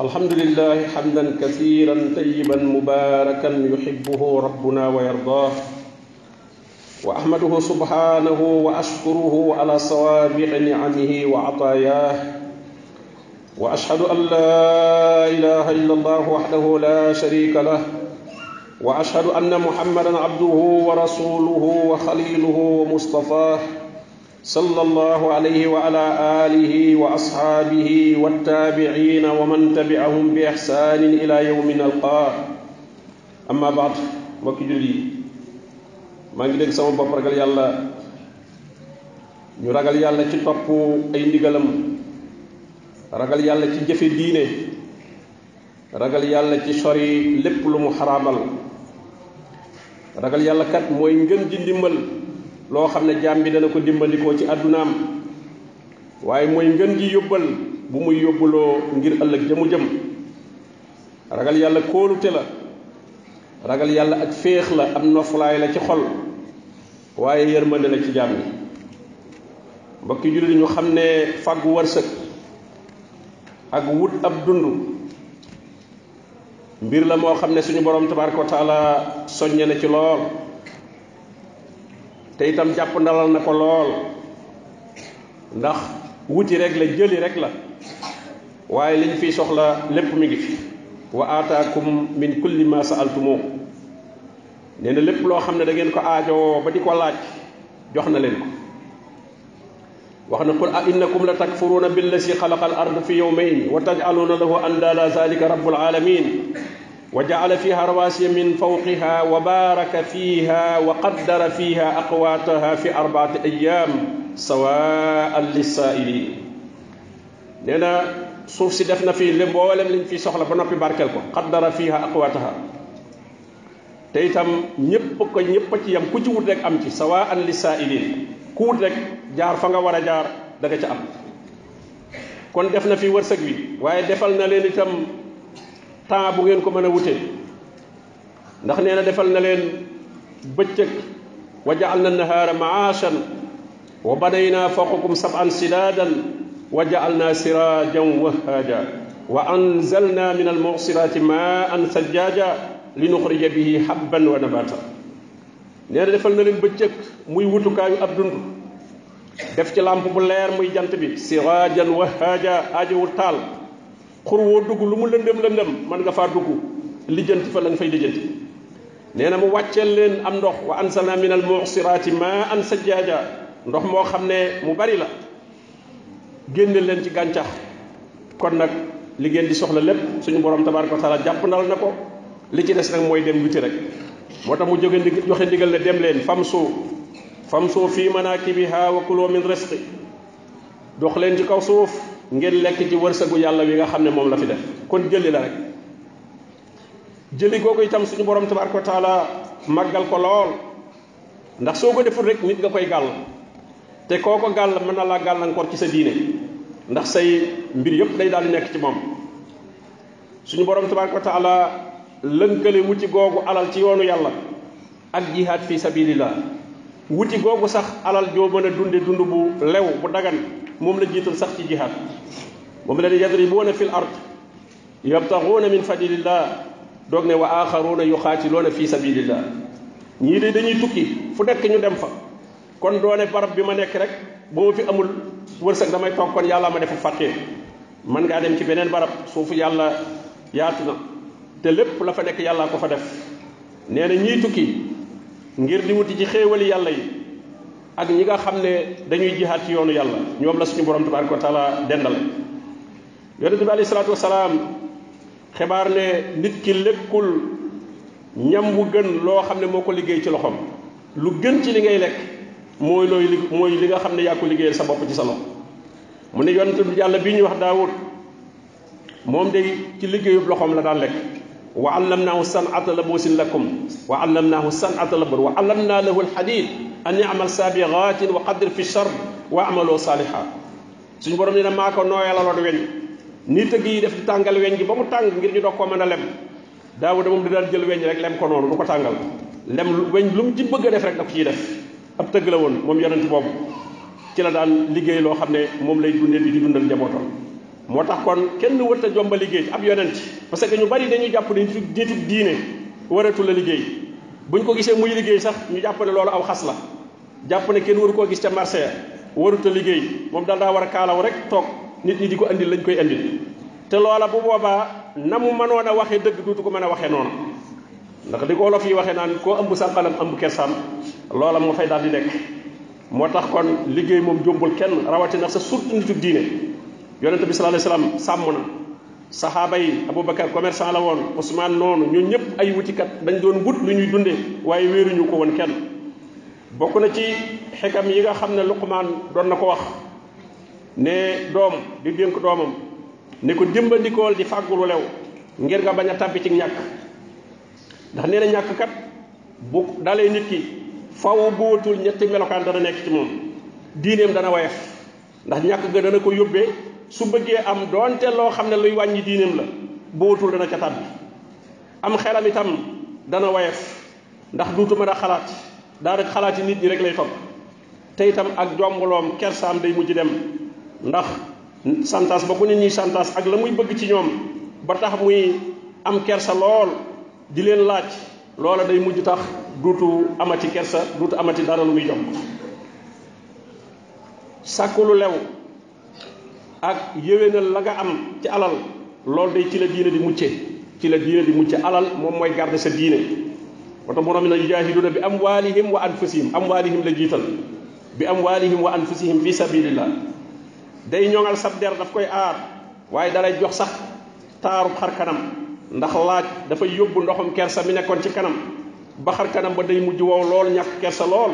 الحمد لله حمدا كثيرا طيبا مباركا يحبه ربنا ويرضاه واحمده سبحانه واشكره على صوابع نعمه وعطاياه واشهد ان لا اله الا الله وحده لا شريك له واشهد ان محمدا عبده ورسوله وخليله ومصطفاه صلى الله عليه وعلى آله وأصحابه والتابعين ومن تبعهم بإحسان إلى يوم نلقاه أما بعد mbokki jullit yi maa ngi dégg sama bopp ragal yàlla ñu ragal yàlla ci topp ay ndigalam ragal yàlla ci jëfe diine ragal yàlla ci sori lépp lu mu xaraamal ragal yàlla kat mooy ngën ji ndimbal loo xam ne jaam bi dana ko dimbandikoo ci addunaam waaye mooy ngën gi yóbbal bu muy yóbbuloo ngir ëllëg jëmu jëm ragal yàlla kóolute la ragal yàlla ak féex la am noflaay la ci xol waaye yërmande la ci jaam bi mbokki jullit ñu xam ne fàggu wërsëg ak wut ab dund mbir la moo xam ne suñu borom tabaraka wa taala soññe na ci lool te itam jàpp ndalal na ko lool ndax wuti rek la jëli rek la waaye liñ fiy soxla lépp mi ngi fi wa aataakum min kulli ma saaltumoo nee na lépp loo xam ne da ngeen ko aajowoo ba di ko laaj jox na leen ko wax na qul a innakum la takfuruuna billasi xalaqa al ard fi yawmayn wa taj'aluuna lahu andaada zalika rabbul alamin وجعل فيها رواسي من فوقها وبارك فيها وقدر فيها أقواتها في أربعة أيام سواء للسائلين نينا سوف سدفنا في لبوالم لن في سخلا بنوكي باركالكو قدر فيها أقواتها تيتم نيبكو نيبكي يم كجو ردك أمتي سواء للسائلين كور ردك جار فنغ ورا جار دكتش أم كون دفنا في ورسك بي وهي دفلنا لنتم temps bu ngeen ko mën a wute ndax nee na defal na leen bëccëg wa jaal na nahaara maashan wa banaynaa fawqakum sab'an sidaadan wa jaal naa siraajan wahaaja wa anzalna min almuxsiraati maan sajjaaja linuxrija bihi habban wa nabaata nee na defal na leen bëccëg muy wutukaayu ab dund def ci làmp bu leer muy jant bi siraajan wahaaja aajowul taal xur woo dugg lu mu lëndëm lëndëm man nga faa dugg lijjanti fa la nga fay lijjanti nee na mu wàcceel leen am ndox wa anzalna min al mu'sirati ma an sajjaaja ndox moo xam ne mu bari la génne leen ci gàncax kon nag li ngeen di soxla lépp suñu borom tabaraka wa taala jàpp nal na ko li ci des nag mooy dem wuti rek moo tax mu jóge ndi joxe ndigal ne dem leen fam famsu fii manaakibiha wa kuloo min risqi dox leen ci kaw suuf ngir lekk ci wërsegu yàlla wi nga xam ne moom la fi def kon jëli la rek jëli googu itam suñu borom tabaraka wa taala màggal ko lool ndax soo ko deful rek nit nga koy gàll te koo ko gàll mën na laa gàllankoor ci sa diine ndax say mbir yëpp day daal di nekk ci moom suñu borom tabaraka wa taala lënkale wuti googu alal ci yoonu yàlla ak jihaad fi sabilillah wuti googu sax alal joo mën a dunde dund bu lew bu dagan moom la jiital sax ci jihaad moom la ne yadribuuna fi l ard yabtaxuuna min fadlillah doog ne wa axaruuna yuxaatiluuna fi sabilillah ñii de dañuy tukki fu nekk ñu dem fa kon doone barab bi ma nekk rek bu ma fi amul wërsëg damay toog kon yàlla ma defa fàqir man ngaa dem ci beneen barab suufu yàlla yaatu na te lépp la fa nekk yàllaa ko fa def nee na ñiy tukki ngir di wuti ci xéewali yàlla yi ak ñi nga xam ne dañuy jihaat ci yoonu yàlla ñoom la suñu borom tabaraka wa taala dendal yonente bi alayhi salaatu wasalaam xibaar ne nit ki lekkul ñam wu gën loo xam ne moo ko liggéey ci loxom lu gën ci li ngay lekk mooy looy li mooy li nga xam ne yaa ko liggéeyal sa bopp ci sa loxo mu ne yonente bi yàlla bii ñu wax daawut moom day ci liggéeyub loxom la daan lekk wa allamnaahu sanata labusin lakum wa allamnaahu sanata labur wa allamnaa lahu alxadid أن يعمل سابغات وقدر في الشر وأعملوا صالحا سيني بروم نينا ماكو نويا لا لود وين نيت جي ديف دي تانغال وين جي بامو تانغ غير ني دوكو مانا لم داوود موم دي دال جيل وين رك لم كو نونو دوكو تانغال لم وين لوم جي بوجا ديف رك داكو سي ديف اب تيغ لا وون موم يونت بوب تي لا دان ليغي لو خامني موم لاي دوندي دي دوندال جابوتو موتاخ كون كين ورتا جومبا ليغي اب يونت باسكو ني بري دانيو جابو دي ديتو دينه وراتو لا ليغي buñ ko gisee muy liggéey sax ñu jàppale loolu aw xas la japp ne kenn waru ko gis ci marché ya, waru ta liggéey mom dal da wara kala rek tok nit ñi di ko andil lañ koy andil te loola bu boba namu manona waxe deug waxee ko mën waxe non ndax diko olof yi waxe nan ko ëmb sànqalam ëmb kersaam loola mo fay dal di nek motax kon liggéey mom jombul kenn nak sa surtout nitu diine yonente bi sallallahu alayhi wasallam sàmm sahaba yi aboubacar commerçant la won ousmane non, ñun ñep ay kat dañ doon wut lu ñuy dundee waaye wéeruñu ko won kenn bokk na ci xekam yi nga xam ne luqmaan doon na ko wax ne doom di dénk doomam ne ko dimbandikool di fàggulu lew ngir nga bañ a tàbbi ci ñàkk ndax nee na ñàkk kat bu dalee nit ki faw bootul ñetti melokaan dana nekk ci moom diineem dana wayef ndax ñàkk ga dana ko yóbbee su bëggee am doonte loo xam ne luy wàññi diineem la bootul dana ca tàbbi am xelam itam dana wayef ndax duutu mën a xalaat daanaka xalaati nit ñi rek lay topp te itam ak jombaloom kersaam day mujj dem ndax santaas ba bu ne ñuy santaas ak la muy bëgg ci ñoom ba tax muy am kersa lool di leen laaj loola day mujj tax duutu amati kersa duutu amati dara lu muy jox sàkku lu lew ak yéwénal la nga am ci alal loolu day ci la diine di mucce ci la diine di mucce alal moom mooy garder sa diine moo tax borom mi nag jaahiduuna bi amwaalihim wa anfusihim amwaalihim la jiital bi am amwaalihim wa anfusihim fi sabilillah day ñoŋal sab der daf koy aar waaye dalay jox sax taarub xar kanam ndax laaj dafay yóbbu ndoxum kersa mi nekkoon ci kanam ba xar kanam ba day mujj wow lool ñàkk kersa lool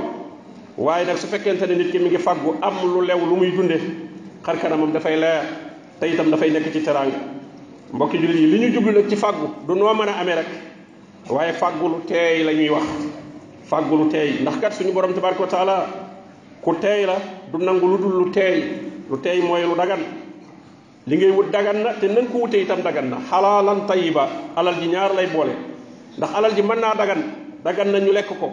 waaye nag su fekkente ne nit ki mi ngi faggu am lu lew lu muy dunde xar kanamam dafay leer te itam dafay nekk ci teraanga mbokki jullit yi li ñu jublu nag ci fàggu du mën a amee rek waye fagul tey lañuy wax fagul tey ndax kat suñu borom tabaraku taala ku tey la du nangul lu dul lu tey lu tey moy lu dagan li ngay wut dagan na te nang ko itam dagan na halalan tayiba alal ji ñaar lay bolé ndax alal ji man na dagan dagan na ñu lek ko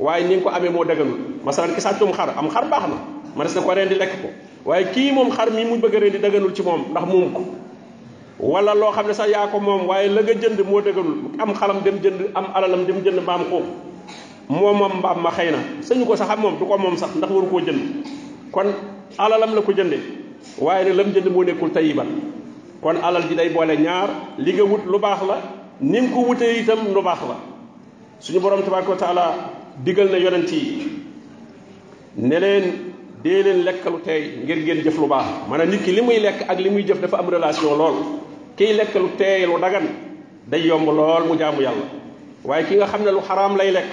waye ni nga ko amee moo daganul masalan ki sàccum xar am xar baxna ma res na ko rendi lek ko waye ki mom xar mi mu bëgg rendi daganul ci mom ndax mom wala lo xamne ne sax yaa ko moom waaye la nga jënd mo dëggalul am xalam dem jënd am alalam dem jënd mbaam ko mom moom mbaam ma xeyna señ ko sax mom du ko mom sax ndax waru ko jënd kon alalam la ko jënde waye ne lam jënd mo nekkul tayiban kon alal di day boole ñaar li nga wut lu bax la nim ko wuté itam lu bax la suñu borom tabaraka taala digal na yonenti ne len de len lekk tay ngir ngeen jëf lu baax maanaam nit ki limuy lek ak limuy jëf dafa am relation lool kiy lekk lu teey lu dagan day yomb lool mu jaamu yàlla waaye ki nga xam ne lu xaraam lay lekk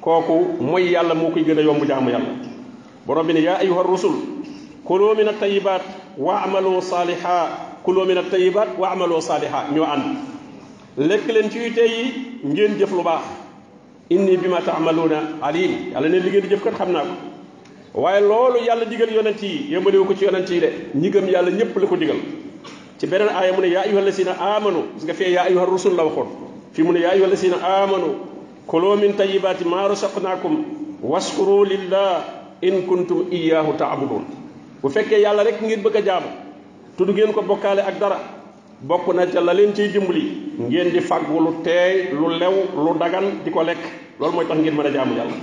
kooku mooy yàlla moo koy gën a yomb jaamu yàlla borom bi ne yaa ayuha rusul kuloo min a tayibaat wa amaloo saaliha kuloo min a tayibaat wa amaloo saaliha ñoo ànd lekk leen ci yu teey jëf lu baax inni bi ma taamaluuna alim yàlla ne li jëf kat xam naa ko waaye loolu yàlla digal yonent yi yëmbaliwu ko ci yonent yi de ñi gëm yàlla ñépp la ko digal ci beneen aaya mu ne yaa ayyuhal lazina amanu gis nga fee yaa ayyuhar rusul la waxoon fii mu ne yaa ayyuhal lazina amanu kuloo min tayibaati maa rasaqnaakum waskuru lillah in kuntum iyaahu taabudun bu fekkee yàlla rek ngeen bëgg a jaamu tudd ngeen ko bokkaale ak dara bokk na ca la leen ciy dimbali ngeen di fàggu lu lew lu dagan di ko lekk loolu mooy tax ngeen mën a jaamu yàlla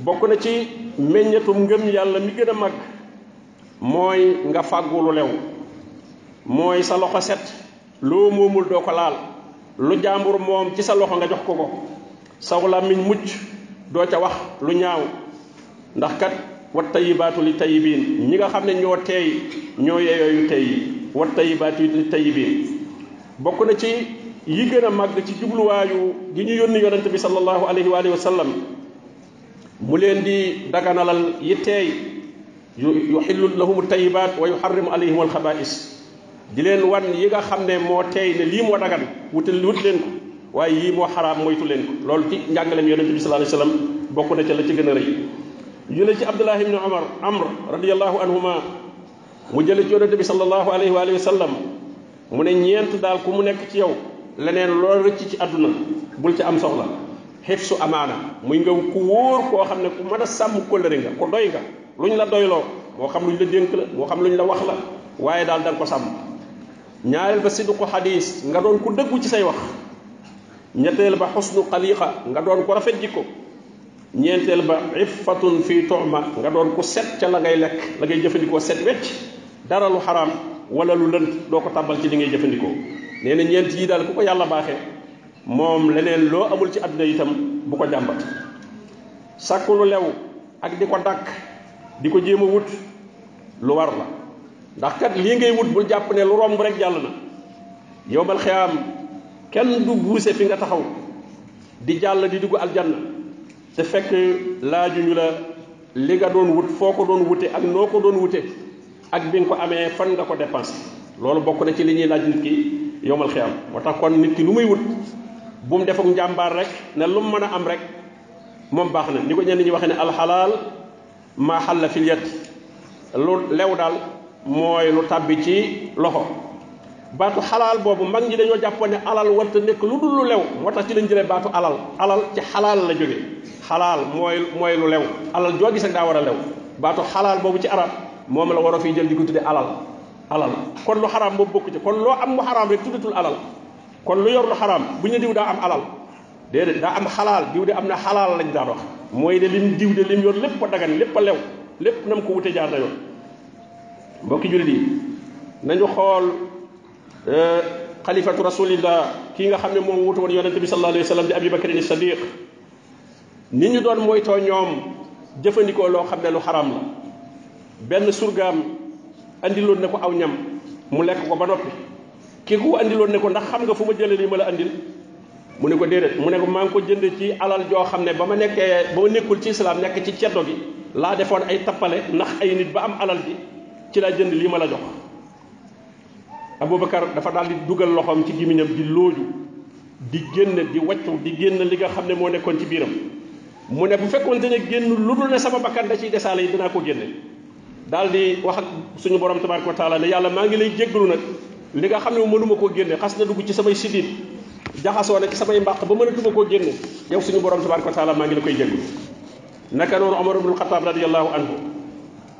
bokk na ci meññetum ngëm yàlla mi a mag moy nga fàggu lew mooy sa loxo set loo moomul doo ko laal lu jàmbur moom ci sa loxo nga jox ko ko saw làmmiñ mucc doo ca wax lu ñaaw ndax kat wat tayibaatu li tayibiin ñi nga xam ne ñoo teey ñoo yeeyooyu tey yi wat tayibaatu li tayibiin bokk na ci yi gën a màgg ci jubluwaayu gi ñu yónni yonent bi sallallahu alayhi wa alihi wa mu leen di daganalal yi teey yu yuxillu lahumu tayibaat wa yuxarrimu alayhim alxabaa'is di leen wan yi nga xam ne moo teey ne lii moo dagan wutal wut leen ko waaye yii moo xaraam moytu leen ko loolu ci njàngaleem yonente bi sallallahu alayhi wasallam bokk na ca la ci gën a rëy ñu ne ci abdullah ibni omar amr radiallahu anhuma mu jële ci yonente bi sallallahu alayhi wa alihi wa sallam mu ne ñeent daal ku mu nekk ci yow leneen loolu rëcc ci àdduna bul ci am soxla xifsu amaana muy nga ku wóor koo xam ne ku mën a sàmm kóllëre nga ko doy nga luñ la doyloo moo xam luñ la dénk la moo xam luñ la wax la waaye daal da ko sàmm ñaareel ba ko xadis nga doon ku dëggu ci say wax ñetteel ba xusnu xaliqa nga doon ko rafet jikko ñeenteel ba iffatun fii tuuma nga doon ku set ca la ngay lekk la ngay jëfandikoo set wecc dara lu xaraam wala lu lënt doo ko tàbbal ci li ngay jëfandikoo nee na ñeent yi daal ku ko yàlla baaxe moom leneen loo amul ci àdduna itam bu ko jàmbat sàkku lu lew ak di ko dàkk di ko jéem a wut lu war la ndax kat li ngay wut bul japp ne lu romb rek yalla na yowmal khiyam ken du buuse fi nga taxaw di jall di duggu aljanna te fekk ñu la li nga doon wut foko doon wuté ak noko doon wuté ak bi nga ko amé fan nga ko pas, lolu bokku na ci li ñi laaj nit ki yowmal khiyam moo tax kon nit ki lu muy wut bu mu ak njàmbaar rek ne lu mu am rek mom baxna ni ko ñen ñi waxé ne halal ma halla fil yat lu lew dal mooy lu tabbi ci loxo baatu xalaal boobu mag ñi dañoo jàppoon ne alal warta nekk lu dul lu lew moo tax ci lañ jëlee baatu alal alal ci xalaal la jóge xalaal mooy mooy lu lew alal joo gis ak daa lew Batu halal boobu ci arab moom la waro fi jël di ko tuddee alal alal kon lu xaraam boobu bokku ci kon loo am mu xaraam rek tuddatul alal kon lu yor lu xaraam bu ñu diw daa am alal déedéet daa am halal, diw de am na xalaal lañ daan wax mooy de lim diw de lim yor lépp dagan lépp lew lépp nam ko wute jaar na yor mbokki jullit yi nañu xol khalifatu rasulillah ki nga xamne mo moom wutu woon yonente bi sallallahu alayhi wasallam sallam di abi as-siddiq ni ñu doon moy to ñom jëfëndiko lo xamne lu haram la ben surgam andiloon na ko aw ñam mu lek ko ba nopi ki ko andiloon ne ko ndax xam nga fuma jëlé li mala andil mu ne ko déedéet mu ne ko maa ko jënd ci alal jo xamne bama nekké bo nekkul ci islam nekk ci ceddo gi la defoon ay tapalé ndax ay nit ba am alal gi ci laa jënd lii ma la jox Aboubacar dafa daal di duggal loxoom ci gémmiñam di looju di génn di waccu di génn li nga xam ne moo nekkoon ci biiram mu ne bu te ne génn lu dul ne sama bakkan da ciy desaale yi dinaa ko génne daal di wax ak suñu borom tabaraka wa ne yàlla maa ngi lay jéggalu nag li nga xam ne mënuma koo génne xas na dugg ci samay siddiit jaxasoo na ci samay mbàq ba mënatuma koo génne yow suñu borom tabaraka wa taala maa ngi la koy jéggalu naka noonu Omar ibnul Xataab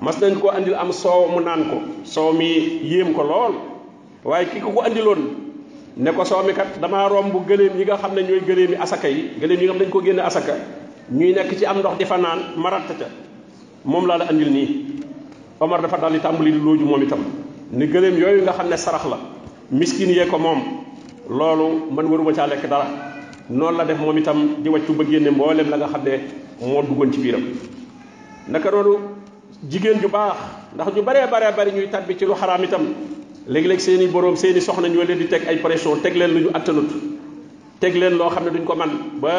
mas nañ ko andil am soow mu naan ko soow mi yéem ko lool waaye ki ko ko andiloon ne ko soow mi kat dama romb gëleem yi nga xam ne ñooy yi asaka yi gëleem yi nga xam dañ ko génne asaka ñuy nekk ci am ndox di fa naan marat ca moom laa la andil nii omar dafa dal di tàmbali di looju moom itam ni gëleem yooyu nga xam ne sarax la miskin yee ko moom loolu man waruma caa lekk dara noonu la def moom itam di waccu ba génne mboolem la nga xam ne moo duggoon ci biiram naka noonu jigéen ju baax ndax ñu baree baree bari ñuy tabbi ci lu xaraam itam léegi léeg seeni i boroom seen soxna ñoo leen di teg ay pression teg leen lu ñu attanut teg leen loo xam ne duñ ko man ba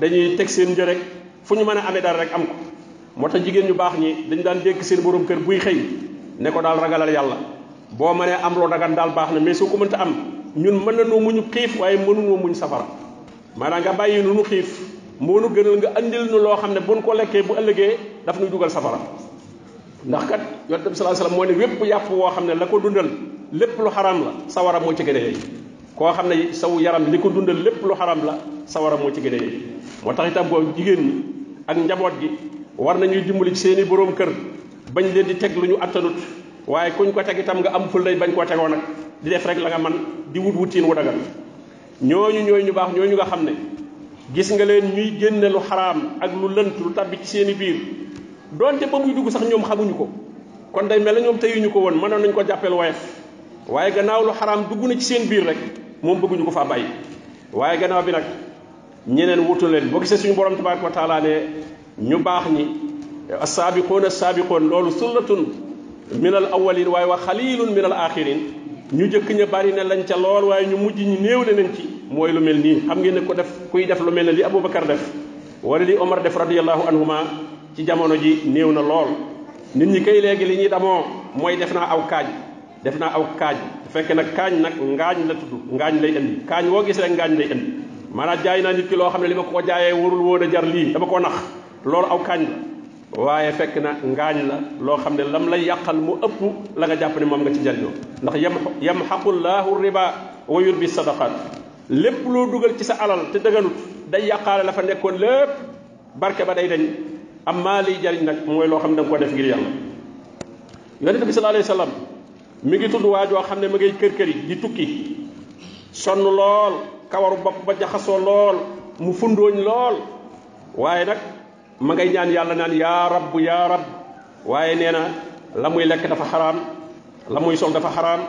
dañuy teg seen njërek fu ñu mën a amee dara rek am ko moo tax jigéen ñu baax ñi dañu daan dégg seen boroom kër buy xëy ne ko daal ragalal yàlla boo mënee am loo dagan daal baax na mais soo ko mënta am ñun mën na noo muñu xiif waaye mënunoo muñ safara maanaam nga bàyyi nu nu xiif moo nu gënal nga andil nu loo xam ne buñ ko lekkee bu ëllëgee daf nuy dugal safara ndax kat yonent bi sallallahu alayhi moo ne wépp yàpp woo xam ne la ko dundal lépp lu xaraam la sawara moo ci gën a koo xam ne saw yaram li ko dundal lépp lu xaraam la sawara moo ci gën a moo tax itam boobu jigéen ñi ak njaboot gi war ñuy nañuy dimbali seen i boroom kër bañ leen di teg lu ñu attanut waaye kuñ ko teg itam nga am ful lay bañ koo tegoo nag di def rek la nga man di wut wutiin wu dagal ñooñu ñooy ñu baax ñooñu nga xam ne gis nga leen ñuy génne lu xaraam ak lu lënt lu tabbi ci seen i biir donte ba muy dugg sax ñoom xamuñu ko kon day mel ne ñoom teyuñu ko woon mënoon nañ ko jàppeel woyof waaye gannaaw lu xaraam dugg na ci seen biir rek moom bëgguñu ko faa bàyyi waaye ganaaw bi nag ñeneen wutu leen boo suñu borom tabaraka wa taala ne ñu baax ñi asaabiqoon asaabiqoon loolu sullatun min al awalin waaye wa xalilun min al axirin ñu jëkk ña bari ne lañ ca lool waaye ñu mujj ñi néew le nañ ci mooy lu mel nii xam ko def kuy def lu mel ne li Aboubacar def wala li Omar def radiallahu anhuma ci jamono ji néew na lool nit ñi kay legi li ñi damo moy def naa aw kaaj def naa aw kaaj fekk fekkee kaaj nak ngañ la tuddu ngañ lay indi kaaj wo gis rek ngañ lay indi maanaam jaay na nit ki lo xamne ne li ko jaayee warul wona jar li dama ko nax aw kaaj la fekk na ngañ la lo xamne lam lay yakal mu upp la nga japp ni mom nga ci jallo ndax yam yam riba wa yurbi sadaqat lepp lo dugal ci sa alal te deganut day yàqaale la fa nekkon lepp barke ba day dañ Amali liy jariñ nag mooy loo xam da ko def ngir yalla yaron nabi sallallahu alayhi wasallam mi ngi tuddu waajo xamne ma ngay kër kër yi di tukki sonn lool kawaru bop ba jaxaso lool mu fundoñ lool waye nak ma ngay ñaan yalla naan ya rabb ya rabb waye neena lamuy lek dafa haram lamuy sol dafa haram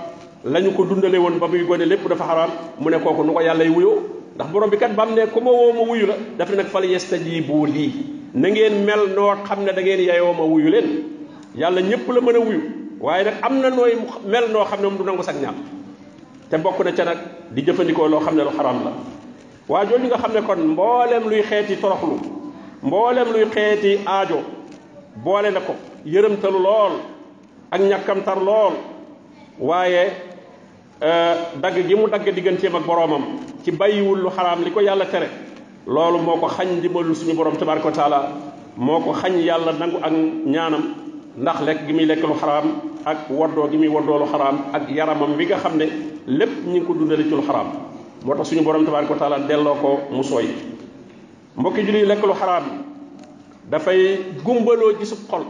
lañu ko dundale won ba muy gone lepp dafa haram mu ne koku nuko yalla ndax borom bi kat bam ne wuyu la fal yastajibu na ngeen mel noo xam ne da ngeen yayoo ma wuyu leen yàlla ñëpp la mën a wuyu waaye nag am na nooy mel noo xam ne moom du nangu sag ñaan te bokk na ca nag di jëfandikoo loo xam ne lu xaram la waa jooju nga xam ne kon mboolem luy xeeti toroxlu mboolem luy xeeti aajo boole na ko yërëmtalu lool ak ñàkkamtar lool waaye dagg gi mu dagg digganteem ak boroomam ci bàyyiwul lu xaraam li ko yàlla tere loolu moo ko xañ ndimbalul suñu borom tabaraka wa taala moo ko xañ yàlla nangu ak ñaanam ndax lekk gi muy lekk lu xaraam ak waddoo gi muy waddoo lu xaraam ak yaramam bi nga xam ne lépp ñi ngi ko dundale ci lu xaraam moo tax suñu borom tabaraka wa taala delloo ko mu sooy mbokki julli lekk lu xaraam dafay gumbaloo gisub xol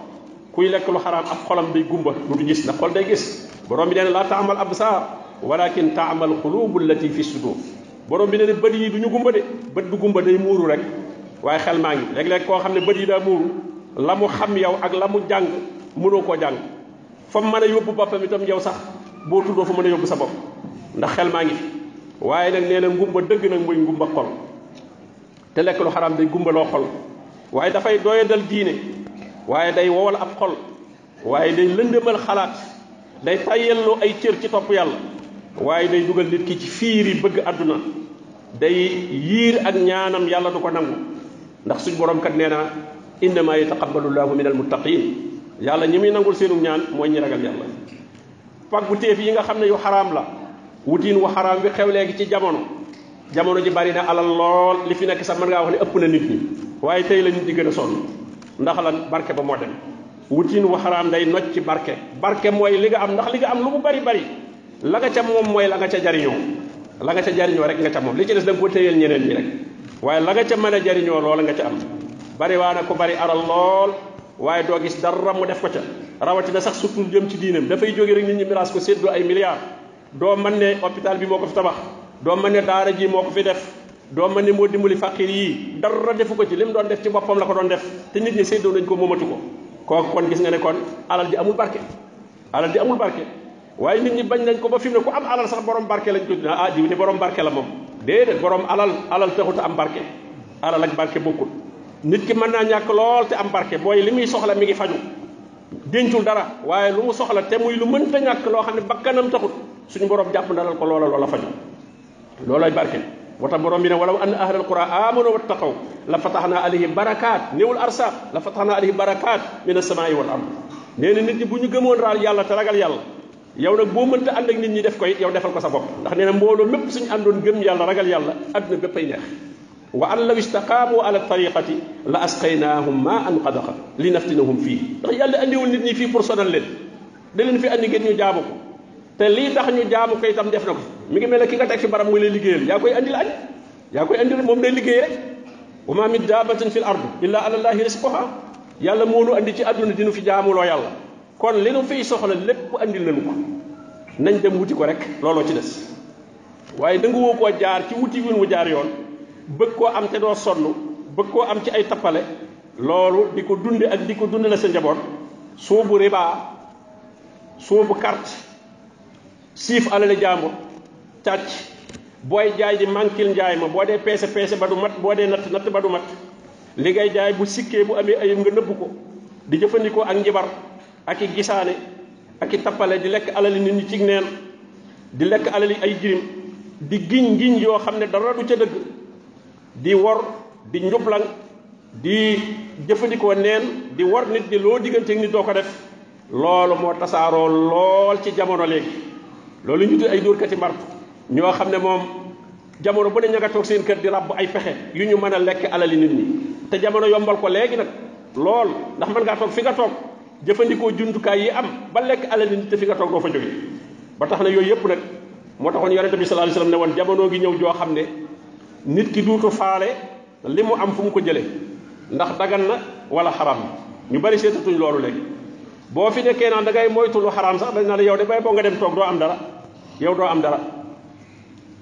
kuy lekk lu xaraam ab xolam day gumba du gis ndax xol day gis borom bi nee na laa taamal absaar walakin taamal xulubu allati fi sudur borom bi ne ne bët yi du ñu gumba de bët du gumba day muuru rek waaye xel maa ngi léeg-léeg koo xam ne bët yi daa muuru la mu xam yow ak la mu jàng mënoo koo jàng fa mën a yóbbu boppam itam yow sax boo tuddoo fa mën a yóbbu sa bopp ndax xel maa ngi waaye nag nee na ngumba dëgg nag mooy ngumba xol te lekk lu xaraam day gumbaloo xol waaye dafay doyadal diine waaye day wowal ab xol waaye day lëndëmal xalaat day tàyyelloo ay cër ci topp yàlla waaye day dugal nit ki ci fiir yi bëgg àdduna day yiir ak ñaanam yàlla du ko nangu ndax suñ borom kat nee na innama yataqabbalu llaahu min al muttaqin yàlla ñi muy nangul seenu ñaan mooy ñi ragal yàlla pàggu téef yi nga xam ne yu xaraam la wutiin wu xaraam bi xew léegi ci jamono jamono ji bari na alal lool li fi nekk sax mën ngaa wax ne ëpp na nit ñi waaye tey la nit di gën a sonn ndax la barke ba moo dem wutiin wu xaraam day noj ci barke barke mooy li am ndax li am lu bari bari la nga ca moom mooy la nga ca jariñoo la nga ca jariñoo rek nga ca moom li ci des da nga ko téyeel ñeneen ñi rek waaye la nga ca mën a jariñoo loola nga ca am bari waa na ko bari aral lool waaye doo gis dara mu def ko ca rawatina sax surtout jëm ci diinam dafay jóge rek nit ñi miraas ko séddoo ay milliards doo mën ne hôpital bi moo ko fi tabax doo mën ne daara ji moo ko fi def doo mën ne moo dimbali fàqir yii dara defu ko ci li mu doon def ci boppam la ko doon def te nit séddoo nañ ko moomatu ko kon gis nga ne kon alal ji amul barke alal ji amul barke waaye nit ñi bañ nañ ko ba fi mu ne ku am alal sax borom barke la ko ah diw de borom barke la borom alal alal taxut am barke alal ak barke bokkul nit ki mën naa ñàkk lool te am barke booy li muy soxla mi ngi faju dencul dara waaye lu mu soxla te muy lu mënta ñàkk loo xam ne bakkanam taxut suñu borom jàpp ndalal ko la loola faju loolay barke moo tax borom bi ne walaw anna ahlal qura amanu wattaqaw la fataxnaa alayhi barakaat néewul arsaaq la fataxnaa alayhi barakaat min asamaai wal ard nee na nit ñi bu ñu gëmoon raal yàlla ragal yàlla yow nak bo meunta ànd ak nit ñi def ko it yow defal ko sa bop ndax neena mbolo mépp suñu andon gëm yàlla ragal yàlla aduna bépp ay neex wa an law istaqaamu ala tariqati la asqaynahum ma an qadaqa li naftinahum fi ndax yàlla andi andiwul nit ñi fi pour sonal leen da leen fi andi gën ñu jaamu ko te li tax ñu jaamu ko itam def nako mi ngi mel ki nga tek ci baram muy lay liggeel ya koy andi lañ ya koy andi mom day liggéey rek wa ma min dabatin fil ard illa ala allah risquha yàlla mo lu andi ci àdduna dinu fi jaamu lo yàlla kon li nu fiy soxla lépp andil nañu ko nañ dem wuti ko rek looloo ci des waaye da nga woo jaar ci wuti win wu jaar yoon bëgg koo am te doo sonn bëgg koo am ci ay tappale loolu di ko dunde ak di ko dunde la sa njaboot soobu ribaa soobu carte siif alale jàmbur càcc booy jaay di mànkil njaay ma boo dee peese peese ba du mat boo dee natt natt ba du mat li ngay jaay bu sikkee bu amee ayib nga nëbb ko di jëfandikoo ak njibar ak i gisaane ak i di lek alali nit ñi ci neen di lek alali ay jirim di giñ giñ yo xamne dara du ca deug di wor di njublang di jëfëndiko neen di war nit di lo digënté nit do ko def loolu mo tasaaroo lool ci jamono léegi loolu ñu ay door kati mart ño xamne mom jamono bu ne ñaga tok seen kër di lab ay Yunyuman yu ñu mëna a alali nit ñi te jamono yombal ko lol, nak lool ndax man nga tok fi nga tok jëfandikoo jumtukaay yi am ba lekk alal nit te fi nga toog doo fa jóge ba tax na yooyu yëpp nag moo taxoon yonente tabi sallallahu alayhi wasallam ne woon jamono gi ñëw joo xam ne nit ki duutu faale li mu am fu mu ko jële ndax dagan na wala xaram ñu bari seetatuñ loolu léegi boo fi nekkee naan da ngay moytu lu xaraam sax dañ na la yow de bay boo nga dem toog doo am dara yow doo am dara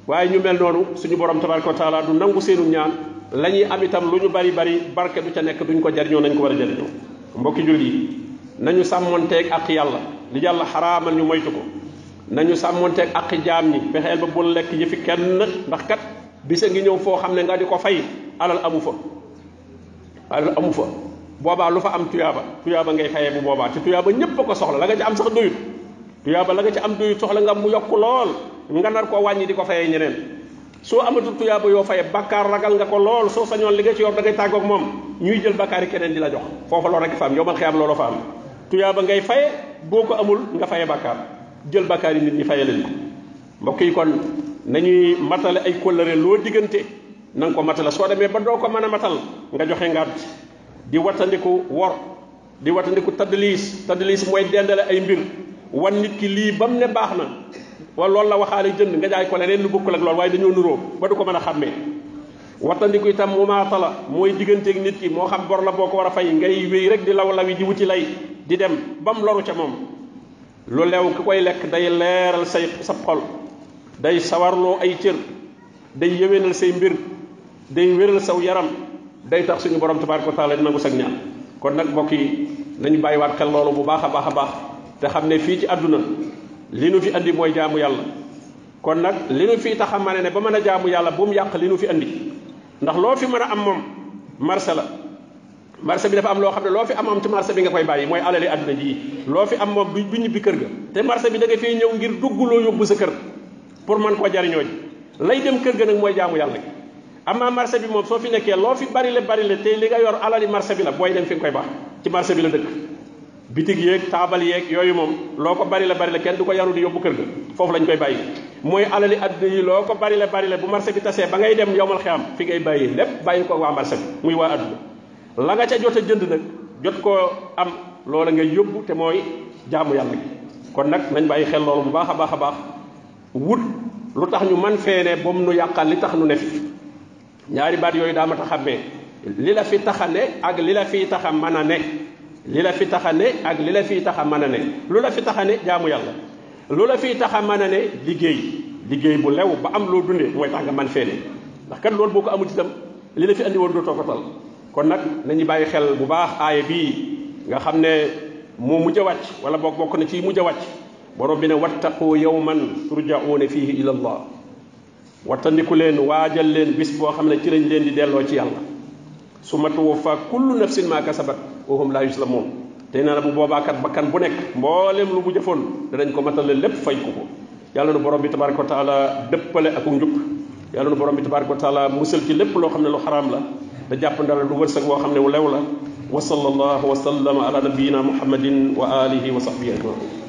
waaye ñu mel noonu suñu borom tabaraka wa taala du nangu seenu ñaan lañuy am itam lu ñu bari bari barke du ca nekk duñ ko jariñoo nañ ko war a jariñoo mbokki julli nañu samonté ak yalla li yalla xaraamal ñu moytu ko nañu samonté ak jam ñi fexeel ba lek yi fi kenn ndax kat bisa ngi ñew fo xamne nga di fay alal amu fa alal amu fa boba lu fa am tuyaba tuyaba ngay fayee bu boba ci tuyaba ñepp ko soxla la nga ci am sax doyut tuyaba la nga ci am doyut soxla nga mu yok lool nga nar ko wañi di ko ñeneen so amatu tuyaba yo faye bakkar ragal nga ko lool so sañoon li nga ci yor da ngay tagok mom ñuy jël bakkar keneen di la jox fofu lo rek fam yo xiyam tuyaaba ngay faye boo ko amul nga faye bàkkaar jël bàkkaar yi nit ñi faye leen ko mbokk yi kon nañuy matale ay kóllëre loo diggante nanga nga ko matale soo demee ba doo ko mën a matal nga joxe ngàdd di wattandiku wor di wattandiku tadliis tadliis mooy dendale ay mbir wan nit ki lii ba mu ne baax na wala loolu la waxaale jënd nga jaay ko leneen lu bokkul ak loolu waaye dañoo nuróo ba du ko mën a xàmmee wattandiku itam mu maata la mooy digganteeg nit ki moo xam bor la boo ko war a fay ngay wéy rek di law lawi di wuti lay di dem bam loru ca mom lu lew ku koy lek day leral say sa xol day sawarloo ay cër day yewenal say mbir day weral saw yaram day tax suñu borom tabaraka wa taala ko sag ñaan kon nak mbokk yi nañu bàyyi waat xel bu baax a baax te xamne fi ci aduna li nu fi andi moy jaamu yalla kon nak li nu fi tax ne ba meuna jaamu yalla bu mu yaq li nu fi andi ndax lo fi meuna am mom marsala marché bi dafa am loo xam ne loo fi am am ci marché bi nga koy bàyyi mooy alali àdduna ji loo fi am moom bu du ñibbi kër ga te marché bi da nga fiy ñëw ngir dugg loo yóbbu sa kër pour man koo jariñoo ji lay dem kër ga nag mooy jaamu yàlla gi amma marché bi moom soo fi nekkee loo fi bari la bari la te li nga yor alali marché bi la booy dem fi nga koy baax ci marché bi la dëkk bitig yeeg taabal yeeg yooyu moom loo ko bari la bari la kenn du ko yaru di yóbbu kër ga foofu lañ koy bàyyi mooy alali àdduna yi loo ko bari la bari la bu marché bi tasee ba ngay dem yowmal xiyam fi ngay bàyyi lépp bàyyi ko waa marché bi muy waa àdduna la nga ca jot a jënd nag jot koo am loola ngay yóbbu te mooy jaamu yàlla kon nag nañ bàyyi xel loolu bu baax a baax a baax wut lu tax ñu man feene bom nu yàqal li tax nu ne fi ñaari baat yooyu daa mat a xàmmee li la fi tax a ne ak li la fi tax a mën a ne li la fi tax ak li la fi tax a mën ne lu la fi tax a ne jaamu yàlla lu la fi tax a mën ne liggéey liggéey bu lew ba am loo dundee mooy tax nga man feene ndax kat loolu boo ko amul itam li la fi indi woon dootoo ko kon nak nañu bàyyi xel bu baax aaya bi nga xamne mo mujjé wàcc wala bok bok na ci mujjé wàcc borom bi ne wattaqu yawman turjauna fihi ila allah wattandiku len wajal len bis bo xamne ci lañ len di delo ci yàlla suma tuwfa kullu nafsin ma kasabat wa hum la yuslamuun te la bu boba kat bakkan bu nek mbollem lu bu jëfoon danañ ko matal lépp fay ko ko yàlla nu borom bi tabaaraku taala dëppale ak njub yàlla nu borom bi tabaaraku taala musal ci lépp lo xamne lu haram la da jàpp ndal du wërsëg bo xamne wu lew la wa sallallahu wa sallama ala nabiyyina muhammadin wa alihi wa sahbihi ajmain